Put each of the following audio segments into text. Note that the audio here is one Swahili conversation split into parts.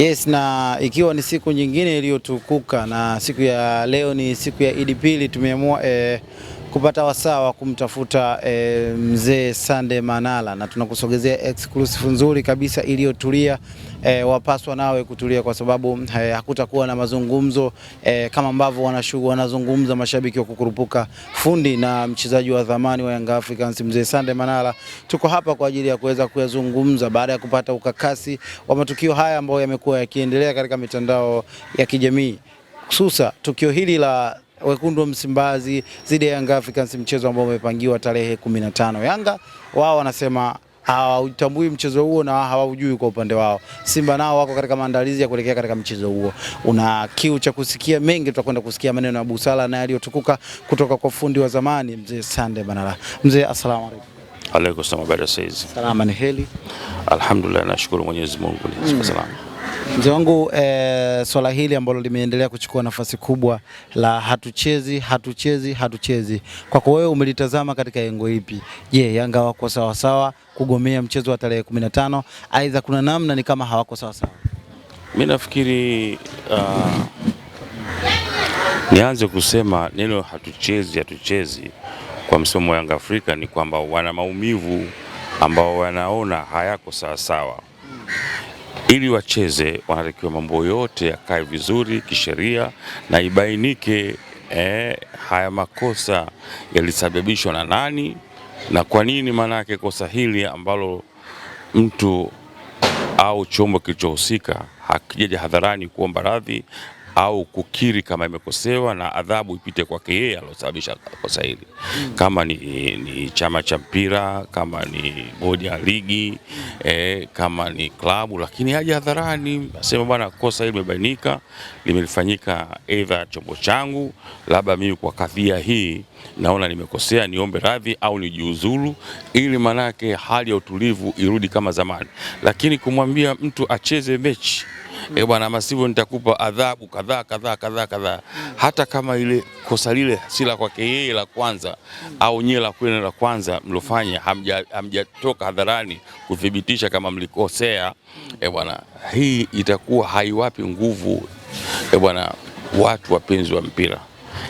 Yes, na ikiwa ni siku nyingine iliyotukuka na siku ya leo ni siku ya Idi Pili, tumeamua eh, kupata wasaa wa kumtafuta e, mzee Sande Manala, na tunakusogezea exclusive nzuri kabisa iliyotulia. E, wapaswa nawe kutulia kwa sababu e, hakutakuwa na mazungumzo e, kama ambavyo wanazungumza mashabiki wa kukurupuka. Fundi na mchezaji wa zamani wa Young Africans mzee Sande Manala, tuko hapa kwa ajili ya kuweza kuyazungumza baada ya kupata ukakasi wa matukio haya ambayo yamekuwa yakiendelea katika mitandao ya kijamii, hususa tukio hili la wekundu wa Msimbazi zidi ya Young Africans, mchezo ambao umepangiwa tarehe 15. Yanga wao wanasema hawautambui mchezo huo na hawaujui kwa upande wao. Simba nao wako katika maandalizi ya kuelekea katika mchezo huo. Una kiu cha kusikia mengi, tutakwenda kusikia maneno ya busara na yaliyotukuka kutoka kwa fundi wa zamani mzee Sande Banala. Mzee, asalamu alaykum. Alaykum salaam. Salama, ni heli. Alhamdulillah, nashukuru Mwenyezi Mungu. Mm. Salama. Mzee wangu e, swala hili ambalo limeendelea kuchukua nafasi kubwa la hatuchezi hatuchezi hatuchezi, kwako wewe umelitazama katika engo ipi? Je, Yanga wako sawasawa sawa kugomea mchezo wa tarehe 15 aidha kuna namna ni kama hawako sawasawa? Mimi nafikiri uh, nianze kusema neno hatuchezi hatuchezi kwa msomo wa Yanga Afrika ni kwamba wana maumivu ambao wanaona hayako sawasawa ili wacheze wanatakiwa mambo yote yakae vizuri kisheria na ibainike eh, haya makosa yalisababishwa na nani na kwa nini, maana yake kosa hili ambalo mtu au chombo kilichohusika hakijaja hadharani kuomba radhi au kukiri kama imekosewa na adhabu ipite kwake yeye alosababisha kosa hili mm. Kama ni, ni chama cha mpira, kama ni bodi ya ligi eh, kama ni klabu, lakini haja hadharani asema bwana, kosa hili limebainika, limefanyika aidha chombo changu, labda mimi kwa kadhia hii naona nimekosea, niombe radhi au nijiuzulu, ili manake hali ya utulivu irudi kama zamani, lakini kumwambia mtu acheze mechi Eh, mm. bwana, ama sivyo nitakupa adhabu kadhaa kadhaa kadhaa kadhaa, hata kama ile kosa lile si la kwake yeye la kwanza mm. au nyewe la kwenu la kwanza mlofanya, hamjatoka hadharani kuthibitisha kama mlikosea. mm. Eh, bwana, hii itakuwa haiwapi nguvu eh, bwana, watu wapenzi wa mpira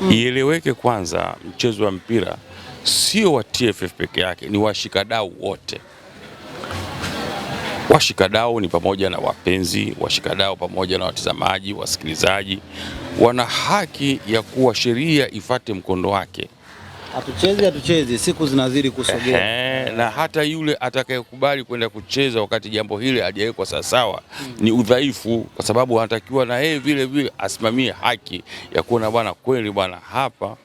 Mm. Ieleweke kwanza, mchezo wa mpira sio wa TFF peke yake, ni washikadau wote. Washikadau ni pamoja na wapenzi washikadau, pamoja na watazamaji, wasikilizaji, wana haki ya kuwa sheria ifate mkondo wake. Hatuchezi, hatuchezi, siku zinazidi kusogea. Ehe, na hata yule atakayekubali kwenda kucheza wakati jambo hili hajawekwa sawasawa mm, ni udhaifu, kwa sababu anatakiwa na yeye vile vile asimamie haki ya kuona bwana, kweli bwana, hapa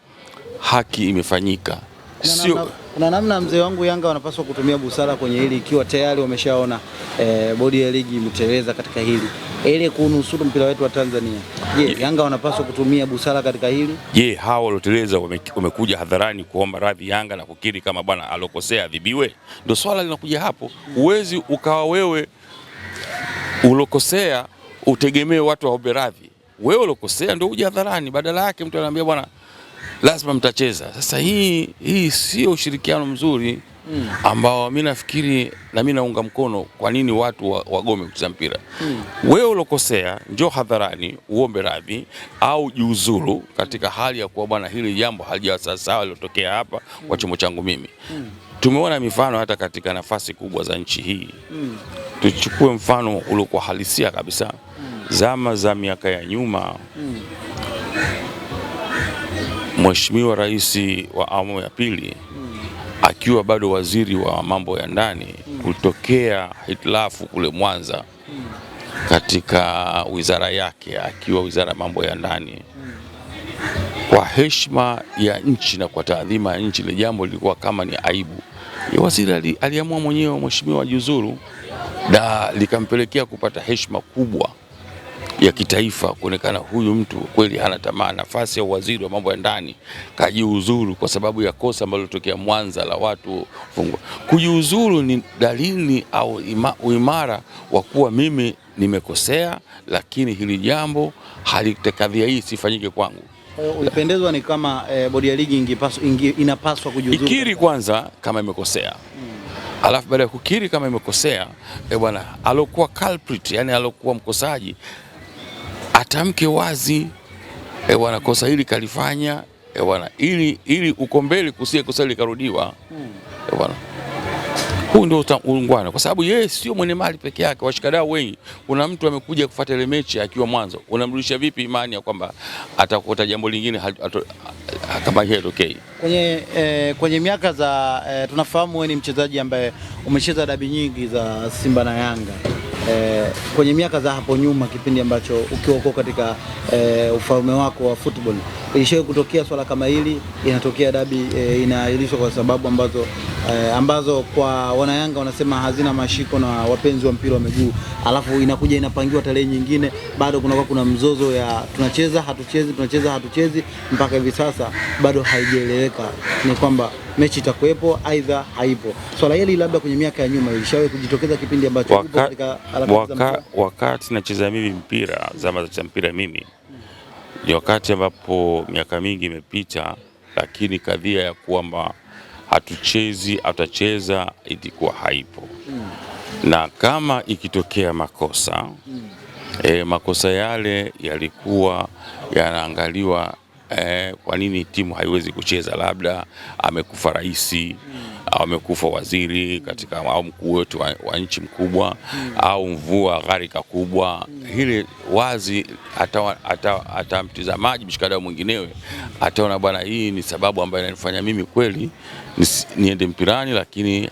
haki imefanyika, sio kuna namna mzee wangu, Yanga wanapaswa kutumia busara kwenye hili, ikiwa tayari wameshaona e, bodi ya ligi imeteleza katika hili ili kunusuru mpira wetu wa Tanzania. Je, yeah. Yanga wanapaswa kutumia busara katika hili? Je, yeah, hawa walioteleza wamekuja hadharani kuomba radhi Yanga na kukiri kama bwana alokosea adhibiwe? Ndio swala linakuja hapo. Huwezi ukawa wewe ulokosea utegemee watu waombe radhi. Wewe ulokosea ndio uje hadharani, badala yake mtu anaambia bwana lazima mtacheza. Sasa hii, hii sio ushirikiano mzuri mm. ambao mi nafikiri na mi naunga mkono. Kwa nini watu wagome wa kucheza mpira mm? Wewe ulokosea njoo hadharani uombe radhi au jiuzuru katika hali ya kuwa bwana, hili jambo halijawa sawasawa lilotokea hapa mm. kwa hmm. chombo changu mimi mm. Tumeona mifano hata katika nafasi kubwa za nchi hii mm. Tuchukue mfano uliokuwa halisia kabisa mm. zama za miaka ya nyuma mm. Mheshimiwa Rais wa awamu ya pili akiwa bado waziri wa mambo ya ndani kutokea hitilafu kule Mwanza katika wizara yake akiwa wizara ya mambo ya ndani kwa heshima ya nchi na kwa taadhima ya nchi, ile jambo lilikuwa kama ni aibu. Waziri aliamua mwenyewe mheshimiwa jiuzuru, na likampelekea kupata heshima kubwa ya kitaifa kuonekana huyu mtu kweli hana tamaa. Nafasi ya waziri wa mambo ya ndani kajiuzuru kwa sababu ya kosa ambalo lilitokea Mwanza la watu fungwa. Kujiuzuru ni dalili au ima, uimara wa kuwa mimi nimekosea, lakini hili jambo halitakadhia hii sifanyike kwangu. Eh, ulipendezwa ni kama e, bodi ya ligi ingipaswa, ingi, inapaswa kujiuzuru, ikiri kwanza kama imekosea hmm. alafu baada ya kukiri kama imekosea, e bwana, alokuwa culprit, yani alokuwa mkosaji atamke wazi e bwana, kosa hili kalifanya e bwana, ili ili uko mbele kusie kosa karudiwa hmm. e eh, bwana. Huu ndio ungwana kwa sababu yeye sio mwenye mali peke yake, washikadau wengi. Kuna mtu amekuja kufuata ile mechi akiwa mwanzo, unamrudisha vipi imani ya kwamba atakuta jambo lingine kama hiyo itokee? Okay. Kwenye, eh, kwenye miaka za eh, tunafahamu wewe ni mchezaji ambaye umecheza dabi nyingi za Simba na Yanga eh, kwenye miaka za hapo nyuma, kipindi ambacho ukiwa uko katika eh, ufalme wako wa football, ilishawahi kutokea swala kama hili? Inatokea dabi eh, inaahirishwa kwa sababu ambazo eh, ambazo kwa wanayanga wanasema hazina mashiko na wapenzi wa mpira wa miguu, alafu inakuja inapangiwa tarehe nyingine, bado kunakuwa kuna mzozo ya tunacheza hatuchezi, tunacheza hatuchezi, mpaka hivi sasa bado haijaeleweka ni kwamba mechi itakuwepo aidha haipo. Swala hili labda kwenye miaka ya nyuma ilishawahi kujitokeza kipindi ambacho waka, waka, wakati nacheza mimi mpira zama za mpira mimi ni wakati ambapo miaka mingi imepita, lakini kadhia ya kwamba hatuchezi, atacheza ilikuwa haipo mm. na kama ikitokea makosa mm. e, makosa yale yalikuwa yanaangaliwa e, kwa nini timu haiwezi kucheza, labda amekufa rais mm au amekufa waziri katika au mkuu wetu wa, wa nchi mkubwa mm. au mvua gharika kubwa mm. hili wazi, hata mtizamaji mshikadau mwinginewe ataona bwana, hii ni sababu ambayo inanifanya mimi kweli niende mpirani, lakini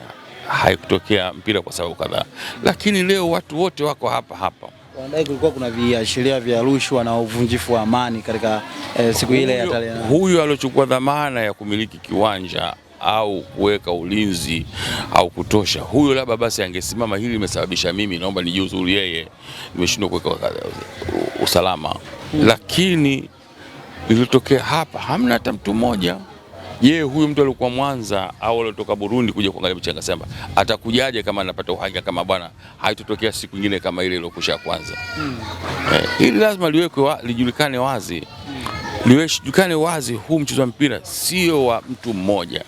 haikutokea mpira kwa sababu kadhaa. Lakini leo watu wote wako hapa hapa wanadai kulikuwa kuna viashiria vya rushwa na uvunjifu wa amani katika eh, siku ile ya tarehe. Huyu aliochukua dhamana ya kumiliki kiwanja au kuweka ulinzi au kutosha, huyo labda basi angesimama, hili limesababisha mimi naomba nijiuzulu, yeye nimeshindwa kuweka uh, usalama hmm. Lakini ilitokea hapa, hamna hata mtu mmoja Je, huyu mtu aliokuwa Mwanza au aliotoka Burundi kuja kuangalia mchanga ya Simba atakujaje kama anapata uhakika kama bwana haitotokea siku nyingine kama ile iliyokusha kwanza? mm. Eh, ili lazima liwekwe wa, lijulikane wazi hmm. liwekane wazi, huu mchezo wa mpira sio wa mtu mmoja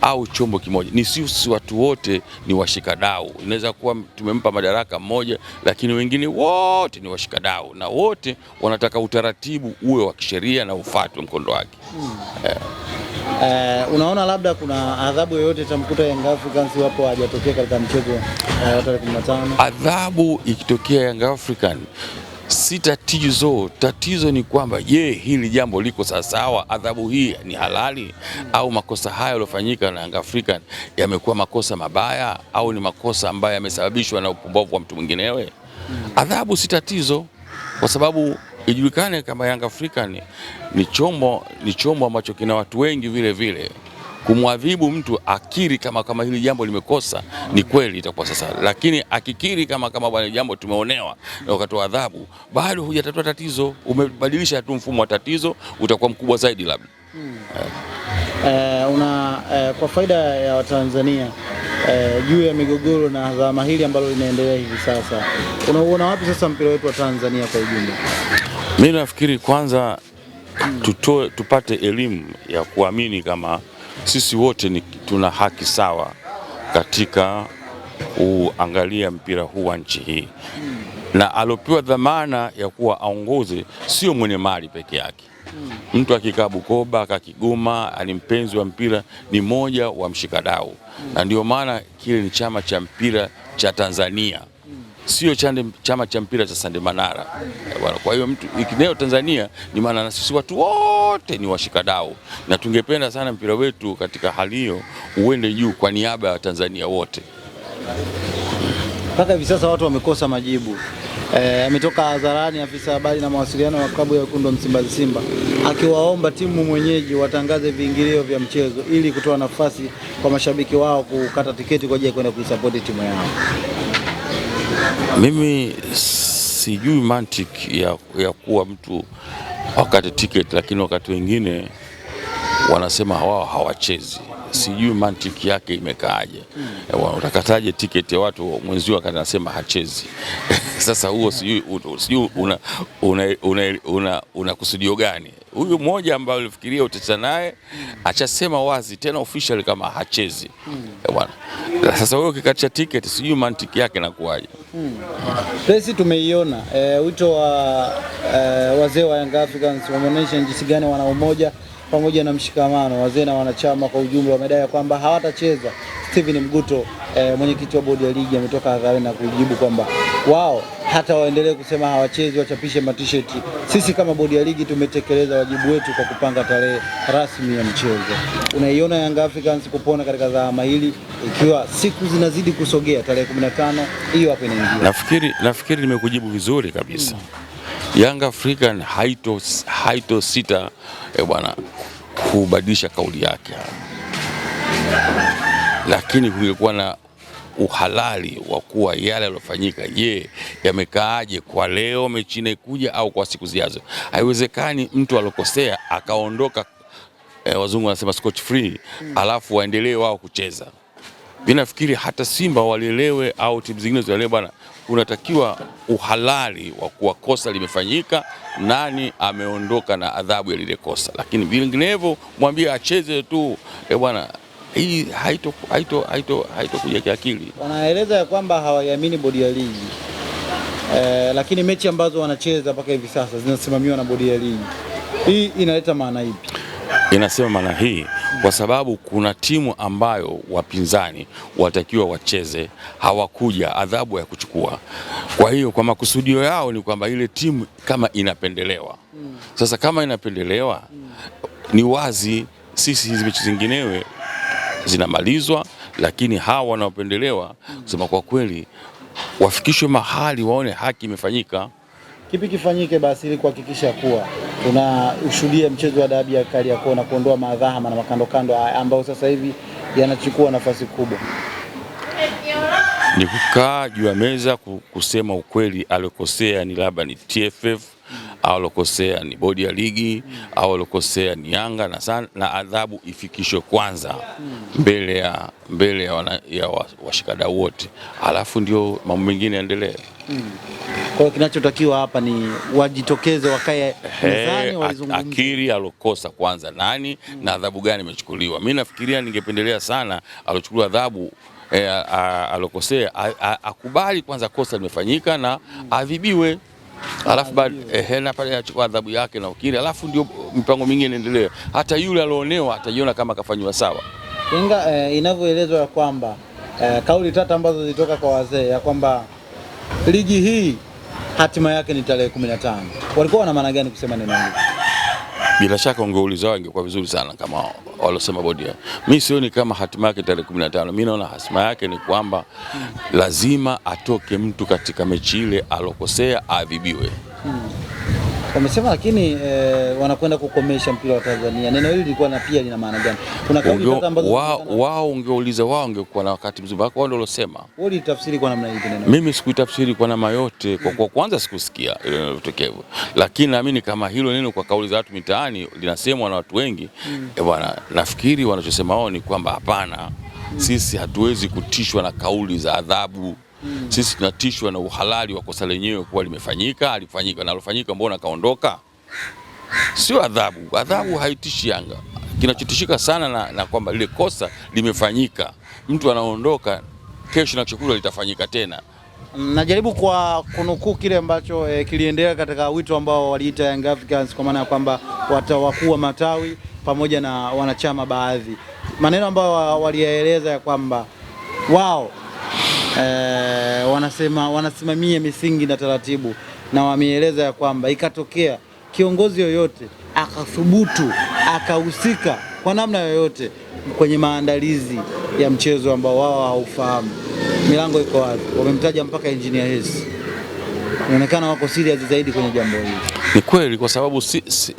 au chombo kimoja, ni sisi watu wote, ni washikadau. Inaweza kuwa tumempa madaraka mmoja, lakini wengine wote ni washikadau na wote wanataka utaratibu uwe wa kisheria na ufuatwe mkondo wake. hmm. eh. Uh, unaona labda kuna adhabu yoyote itamkuta Young Africans wapo hajatokea katika mchezo eh, wa tarehe 15? Adhabu ikitokea Young African si tatizo. Tatizo ni kwamba je, hili jambo liko sawasawa? Adhabu hii ni halali au makosa haya yaliyofanyika na Young African yamekuwa makosa mabaya au ni makosa ambayo yamesababishwa na upumbavu wa mtu mwinginewe? Adhabu si tatizo kwa sababu ijulikane kama Young African ni chombo, ni chombo ambacho kina watu wengi vile vile kumwadhibu mtu akiri kama kama hili jambo limekosa ni kweli, itakuwa sasa. Lakini akikiri kama kama bwana, jambo tumeonewa na ukatoa adhabu, bado hujatatua tatizo, umebadilisha tu mfumo wa tatizo, utakuwa mkubwa zaidi labda. hmm. eh, una eh, kwa faida ya Watanzania eh, juu ya migogoro na dhama hili ambalo linaendelea hivi sasa, unauona wapi sasa mpira wetu wa Tanzania kwa ujumla? Mimi nafikiri kwanza tutoe, tupate elimu ya kuamini kama sisi wote ni, tuna haki sawa katika kuangalia mpira huu wa nchi hii, na aliopewa dhamana ya kuwa aongoze sio mwenye mali peke yake. Mtu akikaa Bukoba akakigoma ani mpenzi wa mpira ni moja wa mshikadau, na ndio maana kile ni chama cha mpira cha Tanzania sio chama cha mpira cha Sande Manara eh, Kwa hiyo mtu ikineo Tanzania ni maana, na sisi watu wote ni washikadau, na tungependa sana mpira wetu katika hali hiyo uende juu kwa niaba ya Watanzania wote. Mpaka hivi sasa watu wamekosa majibu. Eh, ametoka hadharani afisa habari na mawasiliano wa klabu ya wekundu wa Msimbazi Simba akiwaomba timu mwenyeji watangaze viingilio vya mchezo ili kutoa nafasi kwa mashabiki wao kukata tiketi kwa ajili ya kwenda kuisapoti timu yao. Mimi sijui mantiki ya, ya kuwa mtu wakate tiketi, lakini wakati wengine wanasema wao hawachezi sijui mantiki yake imekaaje, hmm. utakataje tiketi ya watu mwenzio wakati anasema hachezi? Sasa huo sijui una, una, una, una, una kusudio gani? Huyu mmoja ambaye ulifikiria utacheza naye achasema wazi tena official kama hachezi hmm. bwana. Sasa wewe ukikatisha tiketi, sijui mantiki yake inakuwaje? Hmm. Presi tumeiona eh, wito wa eh, wazee wa Young Africans wameonyesha jinsi gani wana umoja pamoja na mshikamano. Wazee na wanachama kwa ujumla wamedai kwamba hawatacheza. Steven Mguto e, mwenyekiti wa bodi ya ligi ametoka hadharani na kujibu kwamba wao hata waendelee kusema hawachezi, wachapishe matisheti. Sisi kama bodi ya ligi tumetekeleza wajibu wetu kwa kupanga tarehe rasmi ya mchezo. Unaiona Young Africans kupona katika zama hili, ikiwa siku zinazidi kusogea, tarehe 15 hiyo hapo inaingia. Nafikiri nafikiri nimekujibu vizuri kabisa. Mm. Young African haito, haito sita e eh, bwana kubadilisha kauli yake, lakini kulikuwa na uhalali wa kuwa yale yaliyofanyika, je, yamekaaje kwa leo mechi inayokuja au kwa siku zijazo? Haiwezekani mtu alokosea akaondoka, e, wazungu wanasema scot free, alafu waendelee wao kucheza. Mimi nafikiri hata Simba walielewe au timu zingine zielewe, bwana unatakiwa uhalali wa kuwa kosa limefanyika, nani ameondoka na adhabu ya lile kosa, lakini vinginevyo mwambie acheze tu, e bwana hii haitokuja haito, haito, haito kiakili. Wanaeleza ya kwamba hawaiamini bodi ya ligi eh, lakini mechi ambazo wanacheza mpaka hivi sasa zinasimamiwa na bodi ya ligi. Hii inaleta maana ipi? Inasema maana hii kwa sababu kuna timu ambayo wapinzani watakiwa wacheze, hawakuja adhabu ya kuchukua. Kwa hiyo kwa makusudio yao ni kwamba ile timu kama inapendelewa. Sasa kama inapendelewa, ni wazi sisi hizi mechi zinginewe zinamalizwa, lakini hawa wanaopendelewa kusema kwa kweli wafikishwe mahali waone haki imefanyika. Kipi kifanyike basi ili kuhakikisha kuwa tunashuhudia mchezo wa dabi ya Kariakoo na kuondoa madhahama na makandokando ambayo sasa hivi yanachukua nafasi kubwa. Ni kukaa juu ya meza kusema ukweli, aliokosea ni labda ni TFF au alokosea ni bodi ya ligi au alokosea ni Yanga na sana, na adhabu ifikishwe kwanza mbele ya, mbele ya, ya washikadau wote, alafu ndio mambo mengine yaendelee. Kwa hiyo kinachotakiwa hapa ni wajitokeze wakae mezani wazungumze. Akiri alokosa kwanza nani hmm, na adhabu gani imechukuliwa. Mimi nafikiria ningependelea sana alochukua adhabu e, alokosea akubali kwanza kosa limefanyika na adhibiwe alafu na pale anachukua adhabu yake na ukiri, alafu ndio mipango mingine inaendelea. Hata yule alionewa atajiona kama kafanywa sawa. Inga eh, inavyoelezwa ya kwamba eh, kauli tata ambazo zilitoka kwa wazee ya kwamba ligi hii hatima yake ni tarehe 15, walikuwa wana maana gani kusema neno hili? Bila shaka ungeulizao ingekuwa vizuri sana kama walosema bodi. mi sioni kama hatima yake tarehe 15. mi naona hatima yake ni kwamba lazima atoke mtu katika mechi ile, alokosea aadhibiwe wamesema, lakini e, wanakwenda kukomesha mpira wa Tanzania. Neno hili lilikuwa na pia lina maana gani? Kuna kauli ambazo wao wao ungeuliza wao ungekuwa na wakati mzuri, wao ndio walosema. Wao litafsiri kwa namna ipi neno? Mimi sikuitafsiri kwa namna yote, kwa kwa kwanza sikusikia ile neno tokevu, lakini naamini kama hilo neno kwa kauli za watu mitaani linasemwa na watu wengi mm. E bwana, nafikiri wanachosema wao ni kwamba hapana, mm. sisi hatuwezi kutishwa na kauli za adhabu mm. Sisi tunatishwa na uhalali wa kosa lenyewe kuwa limefanyika, alifanyika na alofanyika, mbona kaondoka? Sio adhabu, adhabu haitishi Yanga. Kinachotishika sana na, na kwamba lile kosa limefanyika, mtu anaondoka, kesho na chakula litafanyika tena. Mm, najaribu kwa kunukuu kile ambacho eh, kiliendelea katika wito ambao waliita Young Africans kwa maana ya kwamba watawakuwa matawi pamoja na wanachama baadhi, maneno ambayo waliyaeleza ya kwamba wao Eh, wanasema wanasimamia misingi na taratibu, na wameeleza ya kwamba ikatokea kiongozi yoyote akathubutu akahusika kwa namna yoyote kwenye maandalizi ya mchezo ambao wao haufahamu, milango iko wazi. Wamemtaja mpaka engineer Hersi, inaonekana wako serious zaidi kwenye jambo hili. Ni kweli kwa sababu si, si,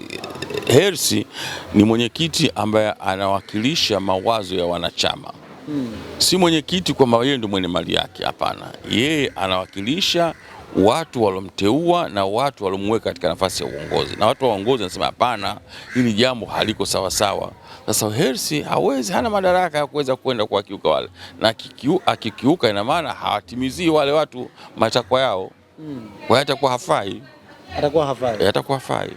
Hersi ni mwenyekiti ambaye anawakilisha mawazo ya wanachama mm. Si mwenyekiti kwamba yeye ndio mwenye mali yake, hapana. Yeye anawakilisha watu walomteua na watu walomweka katika nafasi ya uongozi, na watu wa uongozi wanasema hapana, hili jambo haliko sawasawa. Sasa Hersi hawezi, hana madaraka ya kuweza kwenda kuwakiuka wale, na akikiuka, ina maana hawatimizii wale watu matakwa yao, hmm. kwa hiyo atakuwa hafai, atakuwa hafai, atakuwa hafai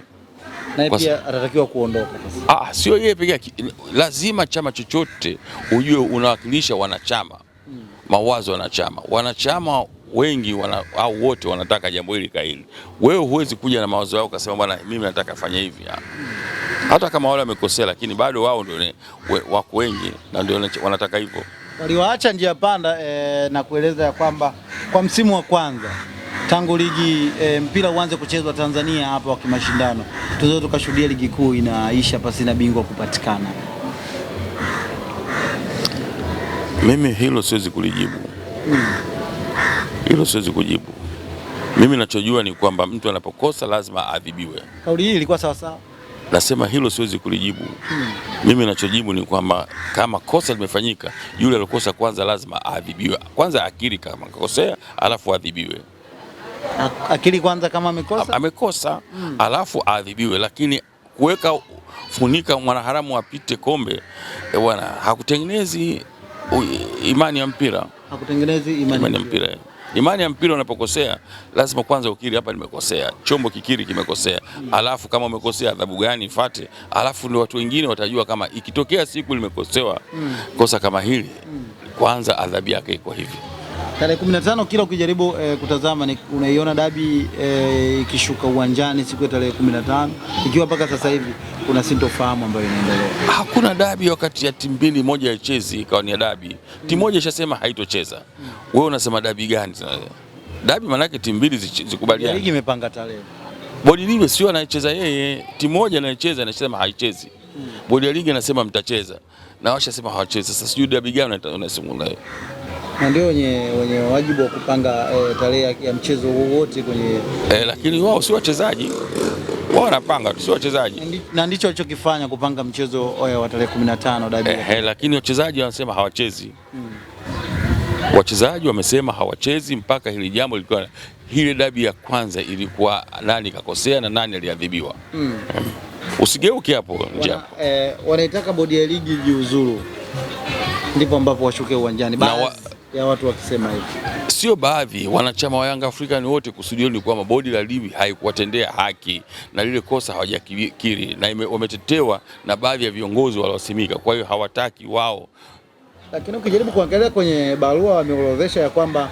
naye pia atatakiwa kuondoka. Ah, ah, sio yeye pekee, lazima chama chochote ujue unawakilisha wanachama hmm, mawazo wanachama, wanachama wengi wana, au wote wanataka jambo hili kaili. Wewe huwezi kuja na mawazo yako ukasema bwana, mimi nataka fanya hivi ah. hmm. hata kama wale wamekosea, lakini bado wao ndio wako wengi na ndio wanataka hivyo. Waliwaacha njia panda eh, na kueleza ya kwamba kwa msimu wa kwanza tangu ligi e, mpira uanze kuchezwa Tanzania hapa wa kimashindano, tuzo tukashuhudia ligi kuu inaisha pasina bingwa kupatikana. Mimi hilo siwezi kulijibu mm. Hilo siwezi kujibu mimi. Nachojua ni kwamba mtu anapokosa lazima adhibiwe. Kauli hii ilikuwa sawa sawa, nasema hilo siwezi kulijibu mm. Mimi nachojibu ni kwamba kama kosa limefanyika, yule aliokosa kwanza lazima adhibiwe, kwanza akiri kama kakosea, alafu adhibiwe akili kwanza, kama amekosa amekosa, mm. alafu aadhibiwe, lakini kuweka funika mwanaharamu apite kombe eh, bwana, hakutengenezi imani ya mpira, hakutengenezi imani, imani ya mpira. Imani ya mpira unapokosea, lazima kwanza ukiri, hapa nimekosea, chombo kikiri kimekosea, alafu kama umekosea adhabu gani ifate, alafu ndio watu wengine watajua kama ikitokea siku limekosewa mm. kosa kama hili, kwanza adhabu yake iko hivi tarehe 15 kila ukijaribu e, kutazama ni unaiona dabi eh, ikishuka uwanjani siku ya tarehe 15 ikiwa mpaka sasa hivi kuna sintofahamu ambayo inaendelea. Hakuna dabi wakati ya timu mbili moja ya chezi ikawa ni dabi, timu moja ishasema haitocheza. Hmm. Wewe unasema dabi gani? Dabi maanake timu mbili zikubaliane. Ligi imepanga tarehe. Bodi ligi sio anayecheza yeye, timu moja anayecheza anasema haichezi. Hmm. Bodi ya ligi anasema mtacheza na washasema hawachezi. Sasa sijui dabi gani unasema nayo na ndio wenye wajibu wa kupanga e, tarehe ya mchezo wowote kwenye e, lakini wao si wachezaji wao wanapanga tu, sio wachezaji, na ndicho walichokifanya kupanga mchezo eh, wa tarehe 15 dabi eh, eh, lakini wachezaji wanasema hawachezi hmm. Wachezaji wamesema hawachezi mpaka hili jambo lilikuwa, hili dabi ya kwanza ilikuwa nani kakosea na nani aliadhibiwa hmm. Usigeuke hapo nje hapo eh, wanaitaka bodi ya ligi jiuzuru, ndipo ambapo washuke uwanjani ya watu wakisema hivi. Sio baadhi wanachama wa Yanga African wote, kusudio kwamba bodi la ligi haikuwatendea haki na lile kosa hawajakiri na wametetewa na baadhi ya viongozi waliosimika, kwa hiyo hawataki wao. Lakini ukijaribu kuangalia kwenye barua wameorodhesha ya kwamba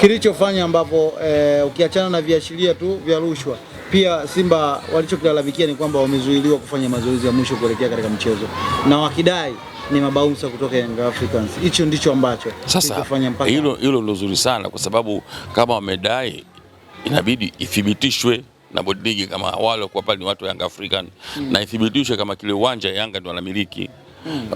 kilichofanya ambapo e, ukiachana na viashiria tu vya rushwa pia Simba walichokilalamikia ni kwamba wamezuiliwa kufanya mazoezi ya mwisho kuelekea katika mchezo na wakidai ni mabaunsa kutoka Young Africans. Hicho ndicho ambacho sasa hilo hilo ndio zuri sana, kwa sababu kama wamedai inabidi ithibitishwe na bodi ligi kama wale kwa pale ni watu wa Young African mm. na ithibitishwe kama kile uwanja Yanga ndio anamiliki mm.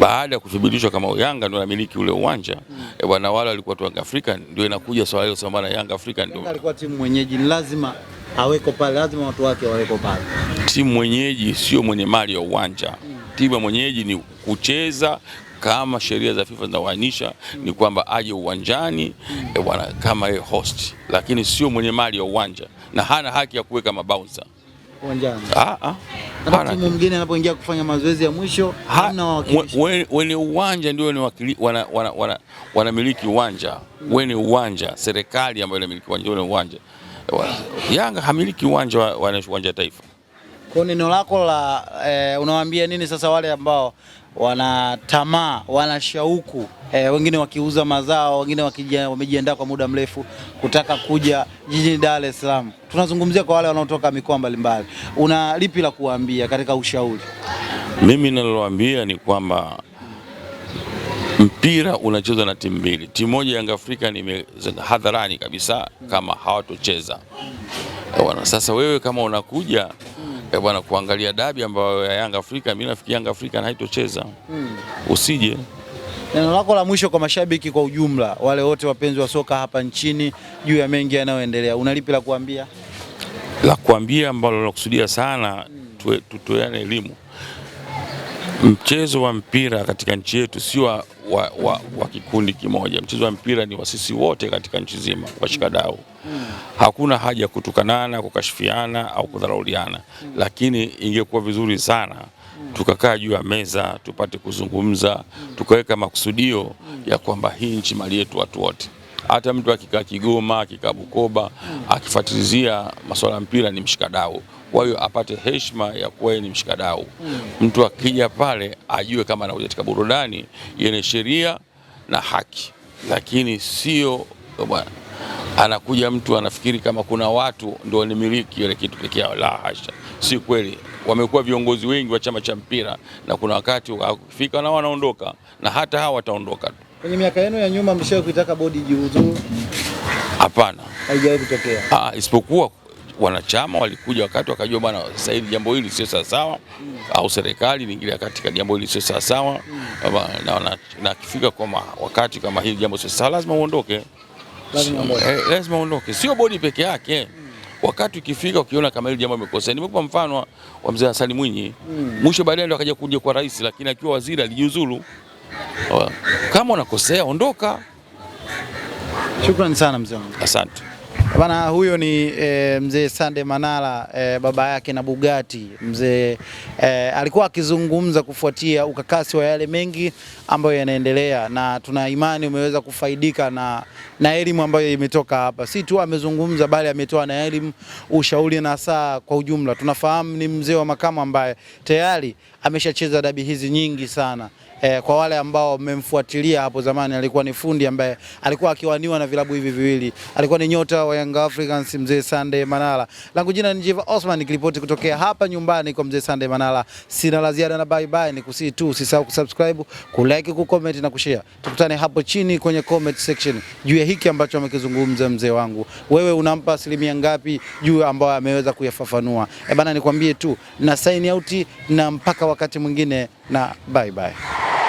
Baada ya kuthibitishwa kama Yanga ndio anamiliki ule uwanja mm. E eh, bwana, wale walikuwa tu Young African, ndio inakuja swala hilo na Young African ndio alikuwa timu mwenyeji, lazima aweko pale, lazima watu wake waweko pale. Timu mwenyeji sio mwenye mali ya uwanja mm timu ya mwenyeji ni kucheza kama sheria za FIFA zinawaanisha mm. ni kwamba aje uwanjani mm. Eh, e, wana, kama e host, lakini sio mwenye mali ya uwanja na hana haki ya kuweka mabouncer uwanjani. Ah, ah. Na Timu mgeni anapoingia kufanya mazoezi ya mwisho hamna wawakilishi. Wenye uwanja ndio wakili, wana, wana, wana, wana uwanja mm. wenye uwanja, serikali ambayo inamiliki uwanja, uwanja Yanga hamiliki uwanja wa uwanja wa taifa. Kwa neno lako la e, unawaambia nini sasa wale ambao wana tamaa, wana shauku e, wengine wakiuza mazao, wengine wamejiandaa kwa muda mrefu kutaka kuja jijini Dar es Salaam? Tunazungumzia kwa wale wanaotoka mikoa mbalimbali, una lipi la kuwaambia katika ushauri? Mimi nalowaambia ni kwamba mpira unachezwa na timu mbili. Timu moja Yanga Afrika ni hadharani kabisa kama hawatocheza. Sasa wewe kama unakuja eh bwana, kuangalia dabi ambayo ya Yanga Afrika, mimi nafikiri Yanga Afrika haitocheza hmm. Usije. Neno lako la mwisho kwa mashabiki kwa ujumla, wale wote wapenzi wa soka hapa nchini, juu ya mengi yanayoendelea, unalipi la kuambia? La kuambia ambalo nakusudia sana hmm. tutoeane elimu. Mchezo wa mpira katika nchi yetu sio wa, wa, wa kikundi kimoja. Mchezo wa mpira ni wa sisi wote katika nchi zima, washikadau. Hakuna haja ya kutukanana, kukashifiana au kudharauliana, lakini ingekuwa vizuri sana tukakaa juu ya meza tupate kuzungumza, tukaweka makusudio ya kwamba hii nchi mali yetu watu wote hata mtu akikaa Kigoma, akikaa Bukoba, hmm. akifuatilizia masuala ya mpira ni mshikadau, kwa hiyo apate heshima ya kuwa ni mshikadau. Hmm. Mtu akija pale ajue kama anakuja katika burudani yenye sheria na haki, lakini sio oh, bwana anakuja mtu anafikiri kama kuna watu ndio wanamiliki ile kitu pekee yao. La hasha, si kweli. Wamekuwa viongozi wengi wa chama cha mpira, na kuna wakati wakifika na wanaondoka, na hata hawa wataondoka tu. Kwenye miaka yenu ya nyuma mlishawahi kuitaka bodi jiuzuru? Hapana, haijawahi kutokea. Ah, isipokuwa wanachama walikuja wakati wakajua bwana, sasa hivi jambo hili sio sawasawa, mm. au serikali niingilia katika jambo hili sio sawa mm. na kifika kwa wakati kama hili jambo sio sawa, lazima uondoke, lazima eh, uondoke, sio bodi peke yake mm. wakati ukifika ukiona kama hili jambo limekosea, Nimekupa mfano wa mzee Hassan Mwinyi mm. baadaye ndo akaja kuja kwa rais, lakini akiwa waziri alijiuzulu. Kama unakosea ondoka. Shukrani sana mzee wangu. Asante. Bana, huyo ni e, mzee Sande Manara e, eh, baba yake na Bugatti mzee e, alikuwa akizungumza kufuatia ukakasi wa yale mengi ambayo yanaendelea, na tuna imani umeweza kufaidika na, na elimu ambayo imetoka hapa. Si tu amezungumza, bali ametoa na elimu, ushauri na saa kwa ujumla. Tunafahamu ni mzee wa makamu ambaye tayari ameshacheza dabi hizi nyingi sana. Eh, kwa wale ambao mmemfuatilia hapo zamani, alikuwa ni fundi ambaye alikuwa akiwaniwa na vilabu hivi viwili, alikuwa ni nyota wa Young Africans mzee Sande Manara. Langu jina ni Jiva Osman, nikiripoti kutokea hapa nyumbani kwa mzee Sande Manara. Sina la ziada na bye bye, nikusii tu usisahau kusubscribe, kulike, kucomment na kushare. Tukutane hapo chini kwenye comment section juu ya hiki ambacho amekizungumza mzee wangu. Wewe unampa asilimia ngapi juu ambayo ameweza kuyafafanua? E bana, nikwambie tu na sign out na mpaka wakati mwingine na bye bye.